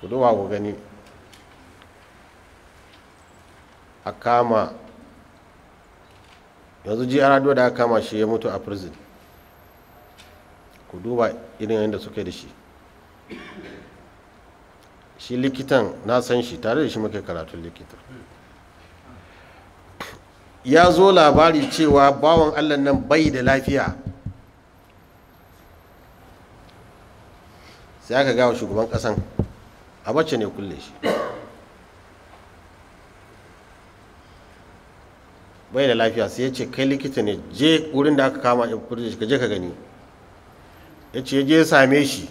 ku duba ku gani a kama yanzu ji arado da aka kama shi ya mutu a prison ku duba irin yadda suke da shi shi likitan na san shi tare da shi muke karatun likita ya zo labari cewa bawan allah nan bai da lafiya sai aka gawa shugaban kasan a mace ne kulle shi bai da lafiya sai ya ce kai likita ne je wurin da aka kama ya shi ka ka gani ya ce je same shi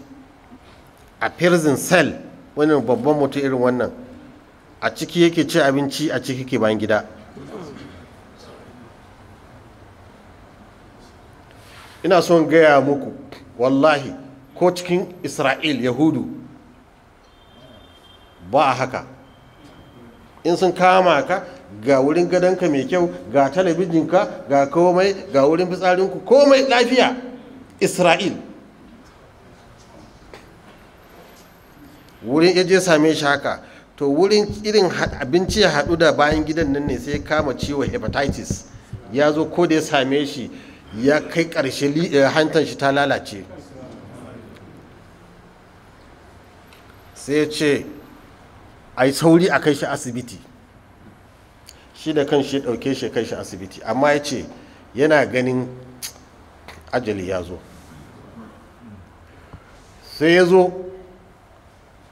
a prison cell wani babban mutum irin wannan a ciki yake ci abinci a ciki ke bayan gida ina son gaya muku wallahi ko cikin isra'il yahudu ba a haka in sun kama ka ga wurin gadonka mai kyau ga talabijinka ga komai ga wurin fitsarinku komai lafiya isra'il wurin yaje same shi haka to wurin irin abinci ya haɗu da bayan gidan nan ne sai ya kama ciwo hepatitis ya zo ko da ya same shi ya kai ƙarshe eh, hantar shi ta lalace sai ce a yi sauri a kai shi asibiti shi da kan shi ɗauke shi kai shi asibiti amma ya ce yana ganin ajali ya zo sai ya zo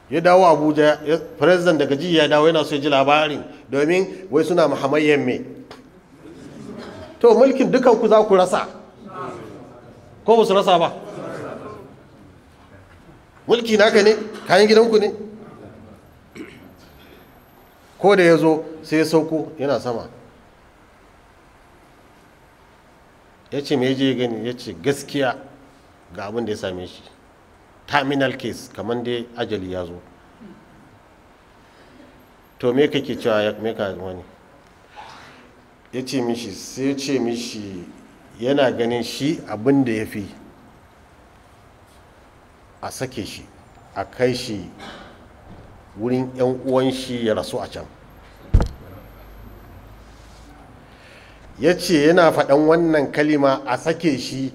ya dawo abuja president daga ji ya dawo yana so ya ji labarin domin wai suna muhammayyan me to mulkin dukanku za ku rasa ko ba su rasa ba mulki naka ne kayan gidanku ne ko da ya zo sai ya sauko yana sama ya ce mai je gani ya ce gaskiya ga abin da ya same shi terminal case kamar dai ajali ya zo to me kake cewa ya me ka wani ya ce mishi sai ya ce mishi yana ganin shi abin da ya fi a sake shi a kai shi wurin 'yan uwan shi ya rasu a can ya ce yana faɗan wannan kalima a sake shi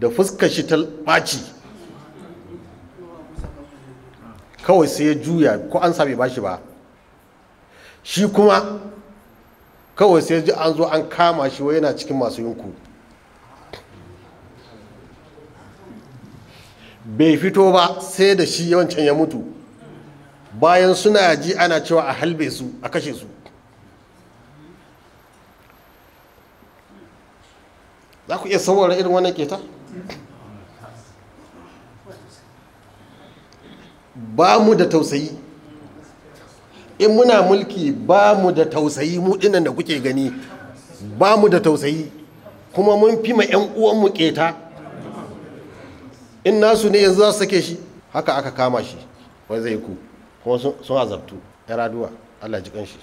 da fuska shi ta ɓaci kawai sai ya juya ko an sami bashi ba shi kuma kawai sai ji an zo an kama shi wai yana cikin masu yinku bai fito ba sai da shi yawancin ya mutu bayan suna ji ana cewa a halbe su a kashe su za ku iya saurara irin wannan keta ba mu da tausayi in muna mulki ba mu da tausayi mu dinan da kuke gani ba mu da tausayi kuma mun fi ma 'yan uwanmu keta in nasu ne yanzu za su sake shi haka aka kama shi wai zai ku kuma sun azabtu raduwa Allah ji kanshi